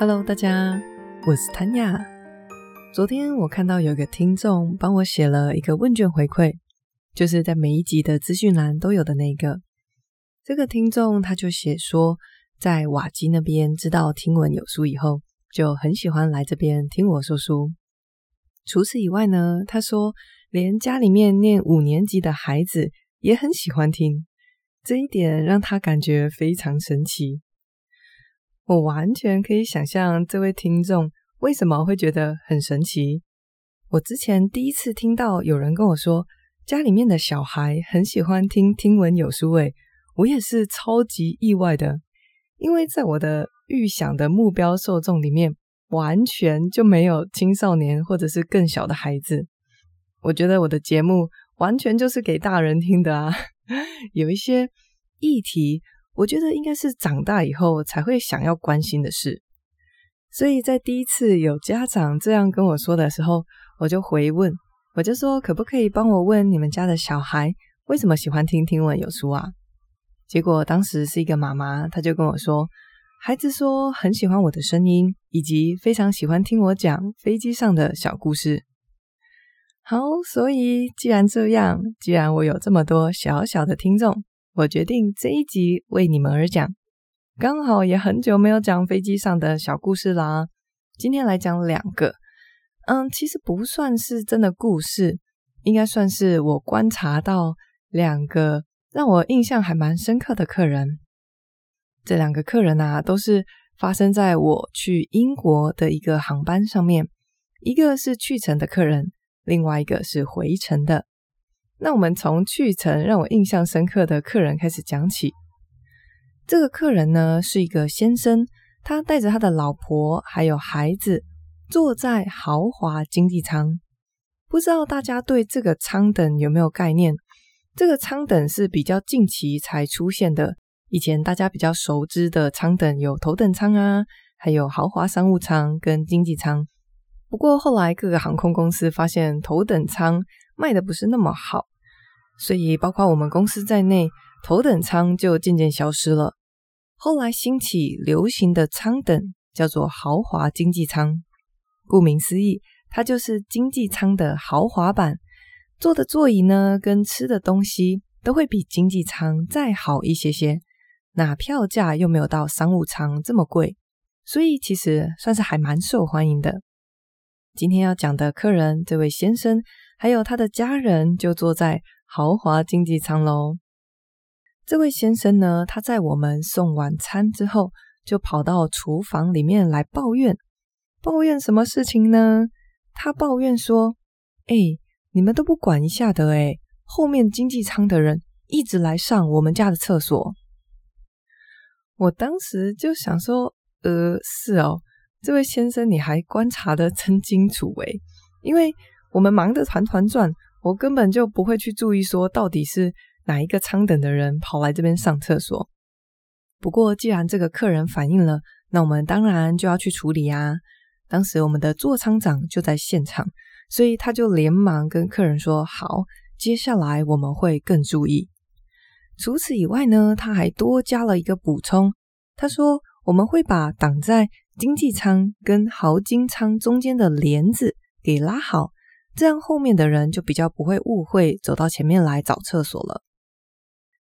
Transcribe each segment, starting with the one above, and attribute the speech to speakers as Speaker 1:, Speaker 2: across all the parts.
Speaker 1: Hello，大家，我是 Tanya。昨天我看到有一個聽眾幫我寫了一個問卷回饋，就是在每一集的資訊欄都有的那個。這個聽眾他就寫說，在瓦基那邊知道聽聞有書以後，就很喜歡來這邊聽我說書。除此以外呢，他說連家裡面念五年級的孩子也很喜歡聽，這一點讓他感覺非常神奇。我完全可以想象這位聽眾為什麼會覺得很神奇。我之前第一次聽到有人跟我說，家裡面的小孩很喜歡聽聽聞有書，哎，我也是超級意外的，因為在我的預想的目標受眾裡面，完全就沒有青少年或者是更小的孩子。我覺得我的節目完全就是給大人聽的啊，有一些議題。我覺得應該是長大以後才會想要關心的事，所以在第一次有家長這樣跟我說的時候，我就回問，我就說可不可以幫我問你們家的小孩為什麼喜歡聽聽聞有書啊？結果當時是一個媽媽，她就跟我說，孩子說很喜歡我的聲音，以及非常喜歡聽我講飛機上的小故事。好，所以既然這樣，既然我有這麼多小小的聽眾。我決定這一集為你們而講，剛好也很久沒有講飛機上的小故事啦，今天來講兩個。嗯，其實不算是真的故事，應該算是我觀察到兩個讓我印象還蠻深刻的客人。這兩個客人啊，都是發生在我去英國的一個航班上面，一個是去程的客人，另外一個是回程的。那我們從去程讓我印象深刻的客人開始講起。這個客人呢，是一個先生，他帶着他的老婆還有孩子坐在豪華經濟艙。不知道大家對這個艙等有沒有概念？這個艙等是比較近期才出現的。以前大家比較熟知的艙等有頭等艙啊，還有豪華商務艙跟經濟艙。不過後來各個航空公司發現頭等艙賣得不是那麼好。所以，包括我們公司在內，頭等艙就漸漸消失了。後來興起流行的艙等叫做豪華經濟艙，顧名思義，它就是經濟艙的豪華版，坐的座椅呢跟吃的東西都會比經濟艙再好一些些，那票價又沒有到商務艙這麼貴，所以其實算是還蠻受歡迎的。今天要講的客人，這位先生還有他的家人就坐在……豪華經濟艙嘍，這位先生呢？他在我們送晚餐之後，就跑到廚房裡面來抱怨，抱怨什麼事情呢？他抱怨說：“哎、欸，你們都不管一下的誒、欸、後面經濟艙的人一直來上我們家的廁所。”我當時就想說：“呃，是哦，這位先生你還觀察得真清楚哎、欸，因為我們忙得團團轉。”我根本就不會去注意，說到底是哪一個艙等的人跑來這邊上廁所。不過，既然這個客人反映了，那我們當然就要去處理啊。當時我們的座艙長就在現場，所以他就連忙跟客人說：“好，接下來我們會更注意。”除此以外呢，他還多加了一個補充，他說：“我們會把擋在經濟艙跟豪金艙中間的簾子給拉好。”這樣後面的人就比較不會誤會走到前面來找廁所了。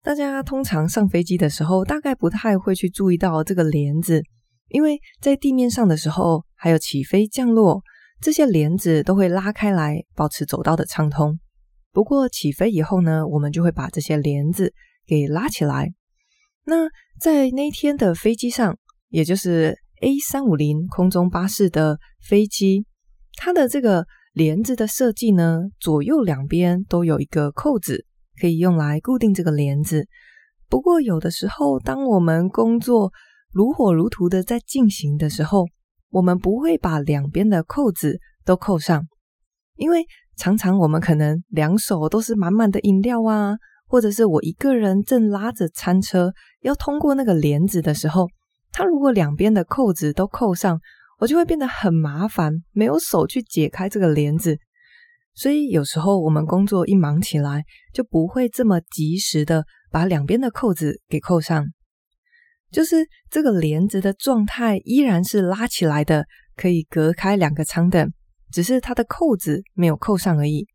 Speaker 1: 大家通常上飛機的時候，大概不太會去注意到這個簾子，因為在地面上的時候，還有起飛、降落這些簾子都會拉開來保持走道的暢通。不過起飛以後呢，我們就會把這些簾子給拉起來。那在那天的飛機上，也就是 A 三五零空中巴士的飛機，它的這個。簾子的設計呢，左右兩邊都有一個扣子，可以用來固定這個簾子。不過有的時候，當我們工作如火如荼的在進行的時候，我們不會把兩邊的扣子都扣上，因為常常我們可能兩手都是滿滿的飲料啊，或者是我一個人正拉着餐車要通過那個簾子的時候，它如果兩邊的扣子都扣上。我就會變得很麻煩，沒有手去解開這個簾子，所以有時候我們工作一忙起來，就不會這麼及時的把兩邊的扣子給扣上，就是這個簾子的狀態依然是拉起來的，可以隔開兩個艙等，只是它的扣子沒有扣上而已。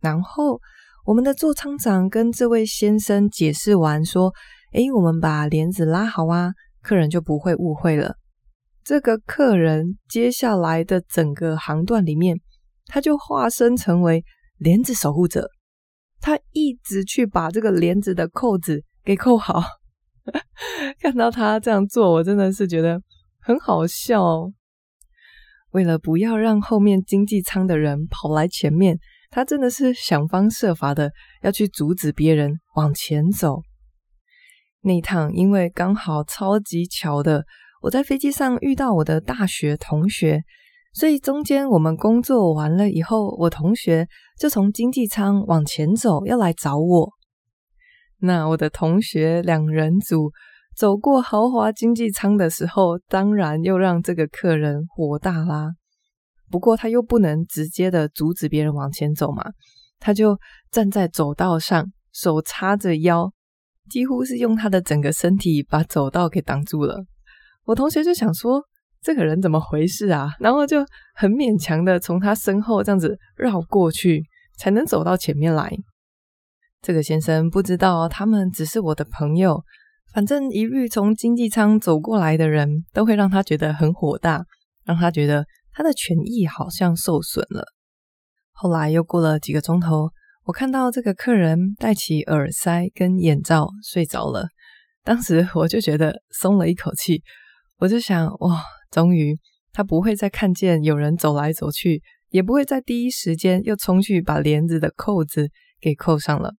Speaker 1: 然後我們的座艙長跟這位先生解釋完說：“誒，我們把簾子拉好啊，客人就不會誤會了。”這個客人接下來的整個航段裡面，他就化身成為簾子守護者，他一直去把這個簾子的扣子給扣好。 看到他這樣做，我真的是覺得很好笑哦。為了不要讓後面經濟艙的人跑來前面，他真的是想方設法的要去阻止別人往前走。那一趟因為剛好超級巧的。我在飛機上遇到我的大學同學，所以中間我們工作完了以後，我同學就從經濟艙往前走，要來找我。那我的同學兩人組走過豪華經濟艙的時候，當然又讓這個客人火大啦。不過他又不能直接的阻止別人往前走嘛，他就站在走道上，手叉着腰，幾乎是用他的整個身體把走道給擋住了。我同學就想說：“這個人怎麼回事啊？”然後就很勉強的從他身後這樣子繞過去，才能走到前面來。這個先生不知道他們只是我的朋友，反正一律從經濟艙走過來的人都會讓他覺得很火大，讓他覺得他的權益好像受損了。後來又過了幾個鐘頭，我看到這個客人戴起耳塞跟眼罩睡着了，當時我就覺得鬆了一口氣。我就想，哇、哦，終於他不會再看見有人走來走去，也不會在第一時間又衝去把簾子的釦子給扣上了。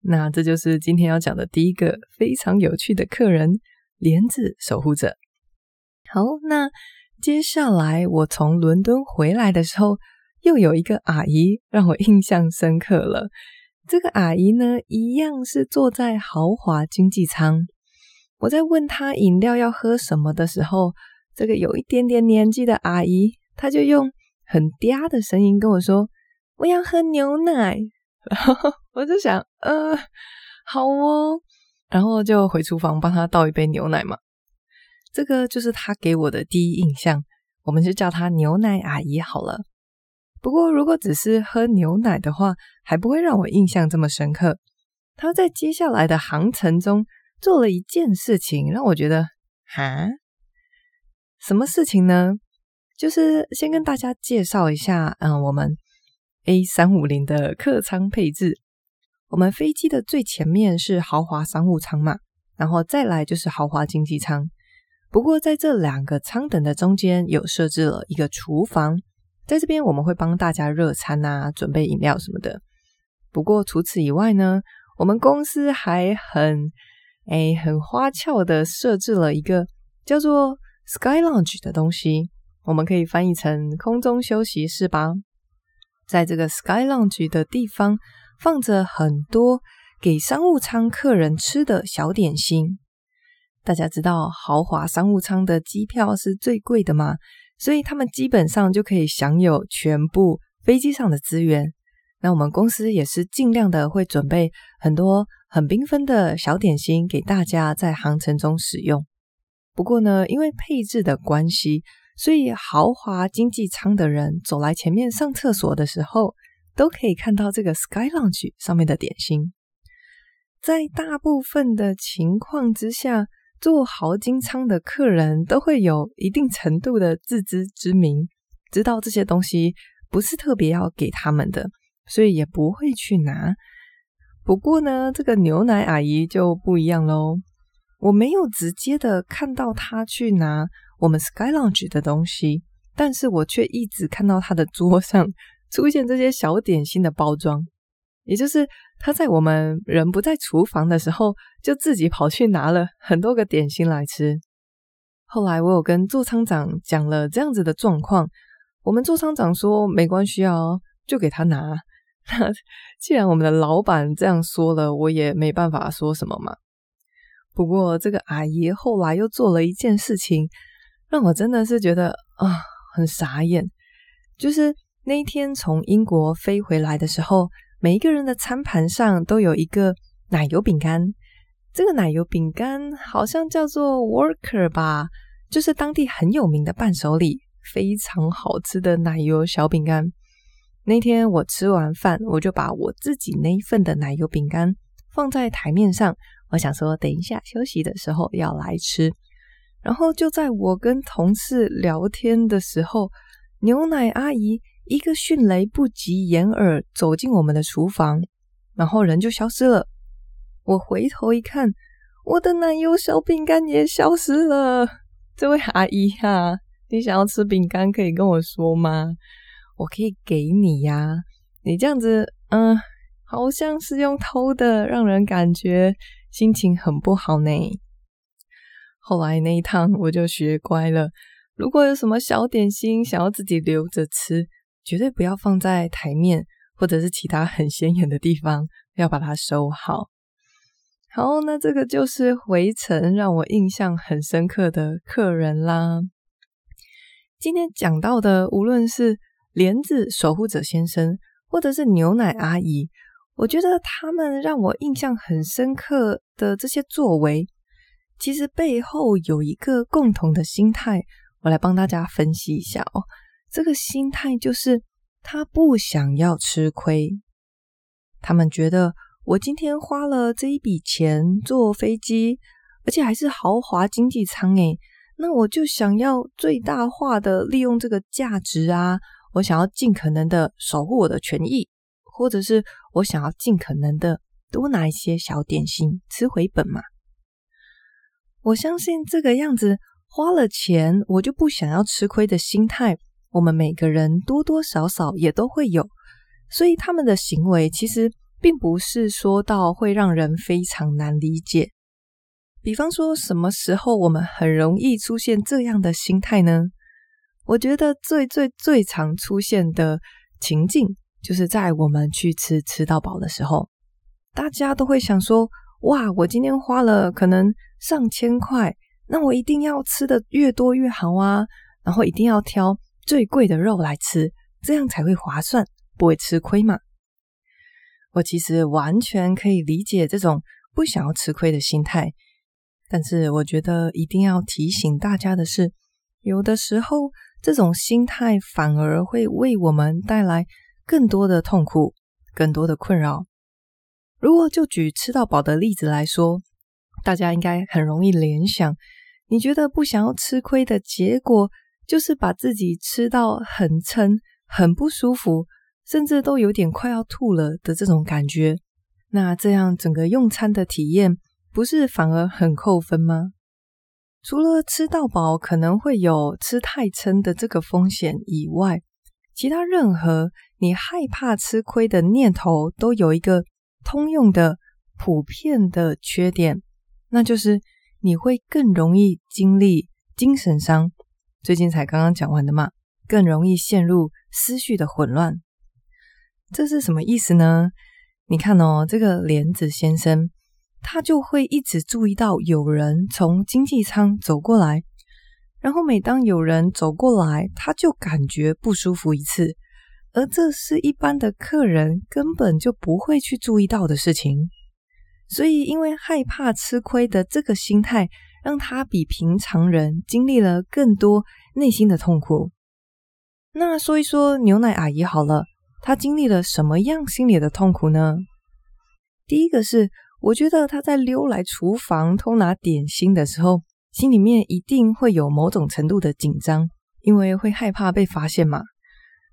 Speaker 1: 那這就是今天要講的第一個非常有趣的客人——簾子守護者。好，那接下來我從倫敦回來的時候，又有一個阿姨讓我印象深刻了。這個阿姨呢，一樣是坐在豪華經濟艙。我在問他飲料要喝什麼的時候，這個有一點點年紀的阿姨，她就用很嗲的聲音跟我說：“我要喝牛奶。”然後我就想，呃，好哦，然後就回廚房幫她倒一杯牛奶嘛。這個就是她給我的第一印象，我們就叫她牛奶阿姨好了。不過，如果只是喝牛奶的話，還不會讓我印象這麼深刻。她在接下來的航程中，做了一件事情讓我覺得啊，什麼事情呢？就是先跟大家介紹一下，嗯、呃，我們 A350 的客艙配置。我們飛機的最前面是豪華商務艙嘛，然後再來就是豪華經濟艙。不過在這兩個艙等的中間有設置了一個廚房，在這邊我們會幫大家熱餐啊，準備飲料什麼的。不過除此以外呢，我們公司還很。哎，很花俏的設置了一個叫做 “Sky Lounge” 的東西，我們可以翻譯成“空中休息室”吧。在這個 Sky Lounge 的地方，放着很多給商務艙客人吃的小點心。大家知道，豪華商務艙的機票是最貴的嘛，所以他們基本上就可以享有全部飛機上的資源。那我們公司也是盡量的會準備很多。很繽紛的小點心給大家在航程中使用。不過呢，因為配置的關係，所以豪華經濟艙的人走來前面上廁所的時候，都可以看到這個 Sky Lounge 上面的點心。在大部分的情況之下，坐豪經艙的客人都會有一定程度的自知之明，知道這些東西不是特別要給他們的，所以也不會去拿。不過呢，這個牛奶阿姨就不一樣嘍。我沒有直接的看到她去拿我們 Sky Lounge 的東西，但是我卻一直看到她的桌上出現這些小點心的包裝。也就是她在我們人不在廚房的時候，就自己跑去拿了很多個點心來吃。後來我有跟座艙長講了這樣子的狀況，我們座艙長說沒關係哦，就給她拿。那既然我們的老闆這樣說了，我也沒辦法說什麼嘛。不過這個阿姨後來又做了一件事情，讓我真的是覺得啊，哦，很傻眼。就是那一天從英國飛回來的時候，每一個人的餐盤上都有一個奶油餅乾。這個奶油餅乾好像叫做 Worker 吧，就是當地很有名的伴手禮，非常好吃的奶油小餅乾。那天我吃完飯，我就把我自己那一份的奶油餅乾放在台面上，我想說等一下休息的時候要來吃。然後就在我跟同事聊天的時候，牛奶阿姨一個迅雷不及掩耳走進我們的廚房，然後人就消失了。我回頭一看，我的奶油小餅乾也消失了。這位阿姨哈，啊，你想要吃餅乾可以跟我說嗎？我可以給你呀、啊，你這樣子，嗯，好像是用偷的，讓人感覺心情很不好呢。後來那一趟我就學乖了，如果有什麼小點心想要自己留着吃，絕對不要放在台面或者是其他很顯眼的地方，要把它收好。好，那這個就是回程讓我印象很深刻的客人啦。今天講到的，無論是。簾子守護者先生，或者是牛奶阿姨，我覺得他們讓我印象很深刻的這些作為，其實背後有一個共同的心態。我來幫大家分析一下哦。這個心態就是他不想要吃虧。他們覺得我今天花了這一筆錢坐飛機，而且還是豪華經濟艙，哎，那我就想要最大化的利用這個價值啊。我想要盡可能的守護我的權益，或者是我想要盡可能的多拿一些小點心吃回本嘛。我相信這個樣子花了錢，我就不想要吃虧的心態，我們每個人多多少少也都會有。所以他們的行為其實並不是說到會讓人非常難理解。比方說，什麼時候我們很容易出現這樣的心態呢？我覺得最最最常出現的情境，就是在我們去吃吃到飽的時候，大家都會想說：哇，我今天花了可能上千塊，那我一定要吃的越多越好啊，然後一定要挑最貴的肉來吃，這樣才會划算，不會吃虧嘛。我其實完全可以理解這種不想要吃虧的心態，但是我覺得一定要提醒大家的是，有的時候，這種心態反而會為我們帶來更多的痛苦，更多的困擾。如果就舉吃到飽的例子來說，大家應該很容易聯想：你覺得不想要吃虧的結果，就是把自己吃到很撐、很不舒服，甚至都有點快要吐了的這種感覺。那這樣整個用餐的體驗，不是反而很扣分嗎？除了吃到飽可能會有吃太撐的這個風險以外，其他任何你害怕吃虧的念頭都有一個通用的、普遍的缺點，那就是你會更容易經歷精神傷。最近才剛剛講完的嘛，更容易陷入思緒的混亂。這是什麼意思呢？你看哦，這個簾子先生。他就會一直注意到有人從經濟艙走過來，然後每當有人走過來，他就感覺不舒服一次，而這是一般的客人根本就不會去注意到的事情。所以，因為害怕吃虧的這個心態，讓他比平常人經歷了更多內心的痛苦。那說一說牛奶阿姨好了，她經歷了什麼樣心理的痛苦呢？第一個是。我覺得他在溜來廚房偷拿點心的時候，心裡面一定會有某種程度的緊張，因為會害怕被發現嘛。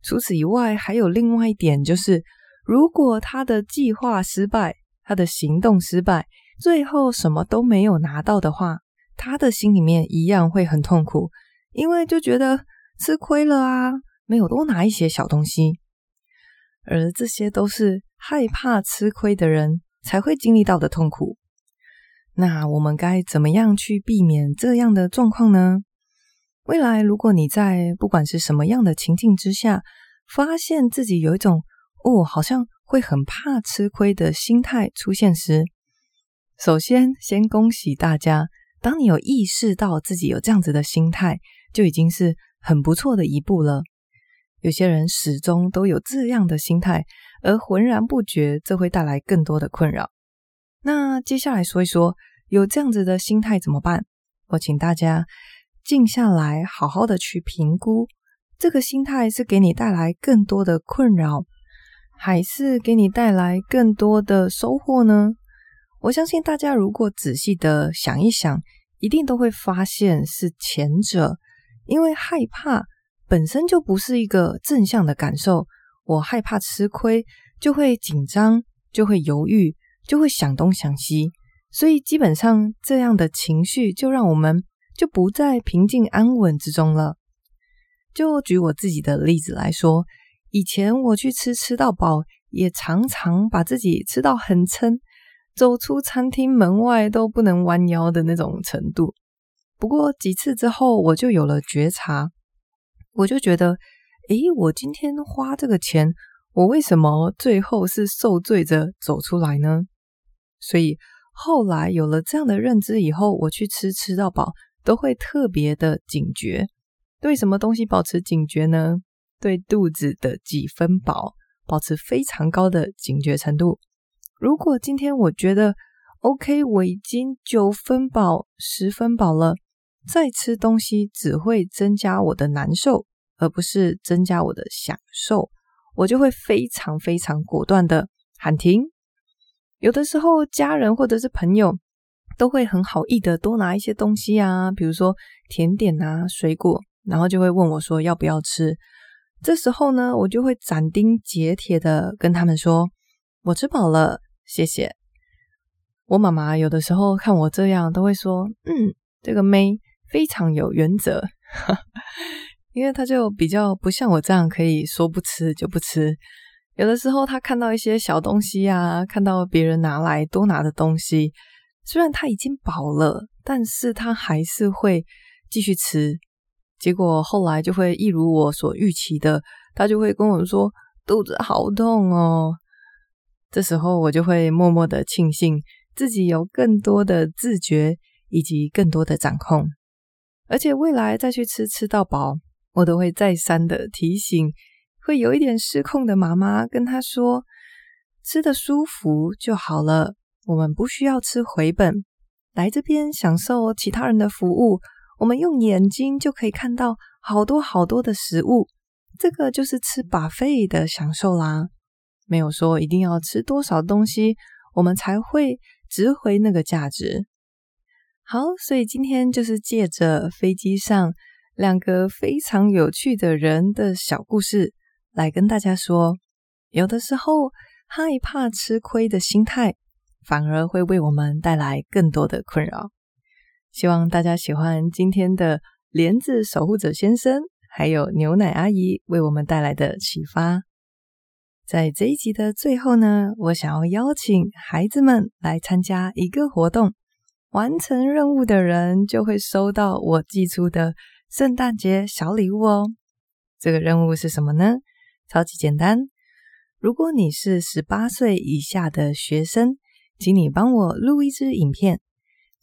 Speaker 1: 除此以外，還有另外一點就是，如果他的計劃失敗，他的行動失敗，最後什麼都沒有拿到的話，他的心裡面一樣會很痛苦，因為就覺得吃虧了啊，沒有多拿一些小東西。而這些都是害怕吃虧的人，才會經歷到的痛苦。那我們該怎麼樣去避免這樣的狀況呢？未來，如果你在不管是什麼樣的情境之下，發現自己有一種“哦，好像會很怕吃虧”的心態出現時，首先先恭喜大家，當你有意識到自己有這樣子的心態，就已經是很不錯的一步了。有些人始終都有這樣的心態，而渾然不覺，這會帶來更多的困擾。那接下來說一說，有這樣子的心態怎麼辦？我請大家靜下來，好好的去評估，這個心態是給你帶來更多的困擾，還是給你帶來更多的收穫呢？我相信大家如果仔細的想一想，一定都會發現是前者，因為害怕。本身就不是一個正向的感受，我害怕吃虧，就會緊張，就會猶豫，就會想東想西，所以基本上這樣的情緒就讓我們就不在平靜安穩之中了。就舉我自己的例子來說，以前我去吃吃到飽，也常常把自己吃到很撐，走出餐廳門外都不能彎腰的那種程度。不過幾次之後，我就有了覺察。我就覺得，誒，我今天花這個錢，我為什麼最後是受罪着走出來呢？所以後來有了這樣的認知以後，我去吃吃到飽都會特別的警覺，對什麼東西保持警覺呢？對肚子的幾分飽保持非常高的警覺程度。如果今天我覺得 OK，我已經九分飽、十分飽了。再吃東西只會增加我的難受，而不是增加我的享受，我就會非常非常果斷的喊停。有的時候家人或者是朋友都會很好意的多拿一些東西啊，比如說甜點啊、水果，然後就會問我說要不要吃。這時候呢，我就會斬釘截鐵的跟他們說，我吃飽了，謝謝。我媽媽有的時候看我這樣都會說，嗯，這個妹。非常有原則，哈哈，因為他就比較不像我這樣，可以說不吃就不吃。有的時候他看到一些小東西啊，看到別人拿來多拿的東西，雖然他已經飽了，但是他還是會繼續吃。結果後來就會一如我所預期的，他就會跟我說，肚子好痛哦。這時候我就會默默的慶幸自己有更多的自覺以及更多的掌控。而且未來再去吃吃到飽，我都會再三的提醒，會有一點失控的媽媽跟她說，吃得舒服就好了，我們不需要吃回本，來這邊享受其他人的服務，我們用眼睛就可以看到好多好多的食物，這個就是吃 buffet 的享受啦，沒有說一定要吃多少東西，我們才會值回那個價值。好，所以今天就是借着飛機上兩個非常有趣的人的小故事，來跟大家說，有的時候害怕吃虧的心態，反而會為我們帶來更多的困擾。希望大家喜歡今天的簾子守護者先生，還有牛奶阿姨為我們帶來的啟發。在這一集的最後呢，我想要邀請孩子們來參加一個活動。完成任務的人就會收到我寄出的聖誕節小禮物哦。這個任務是什麼呢？超級簡單。如果你是十八歲以下的學生，請你幫我錄一支影片。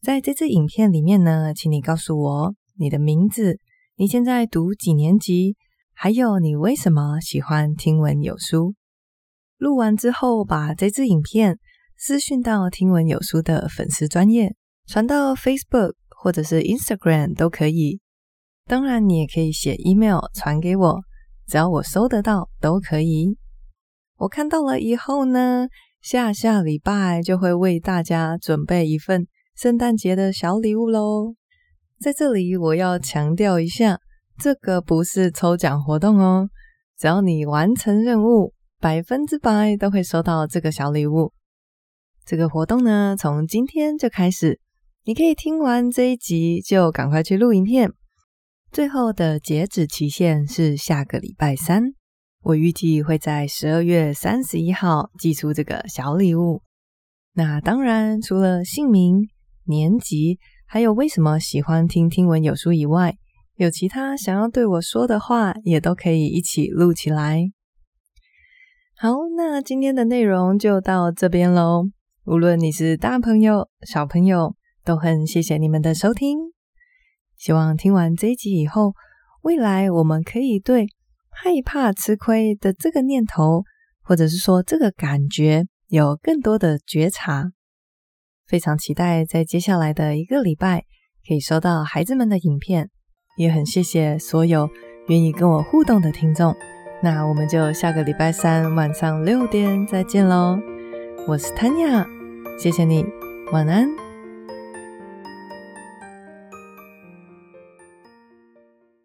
Speaker 1: 在這支影片裡面呢，請你告訴我你的名字，你現在讀幾年級，還有你為什麼喜歡聽聞有書。錄完之後，把這支影片私訊到聽聞有書的粉絲專頁。傳到 Facebook 或者是 Instagram 都可以，當然你也可以寫 email 傳給我，只要我收得到都可以。我看到了以後呢，下下禮拜就會為大家準備一份聖誕節的小禮物嘍。在這裡我要強調一下，這個不是抽獎活動哦，只要你完成任務，百分之百都會收到這個小禮物。這個活動呢，從今天就開始。你可以聽完這一集就趕快去錄影片，最後的截止期限是下個禮拜三。我預計會在十二月三十一號寄出這個小禮物。那當然，除了姓名、年級，還有為什麼喜歡聽聽聞有書以外，有其他想要對我說的話，也都可以一起錄起來。好，那今天的內容就到這邊嘍。無論你是大朋友、小朋友。都很謝謝你們的收聽，希望聽完這一集以後，未來我們可以對害怕吃虧的這個念頭，或者是說這個感覺，有更多的覺察。非常期待在接下來的一個禮拜可以收到孩子們的影片，也很謝謝所有願意跟我互動的聽眾。那我們就下個禮拜三晚上六點再見嘍！我是 Tanya，謝謝你，晚安。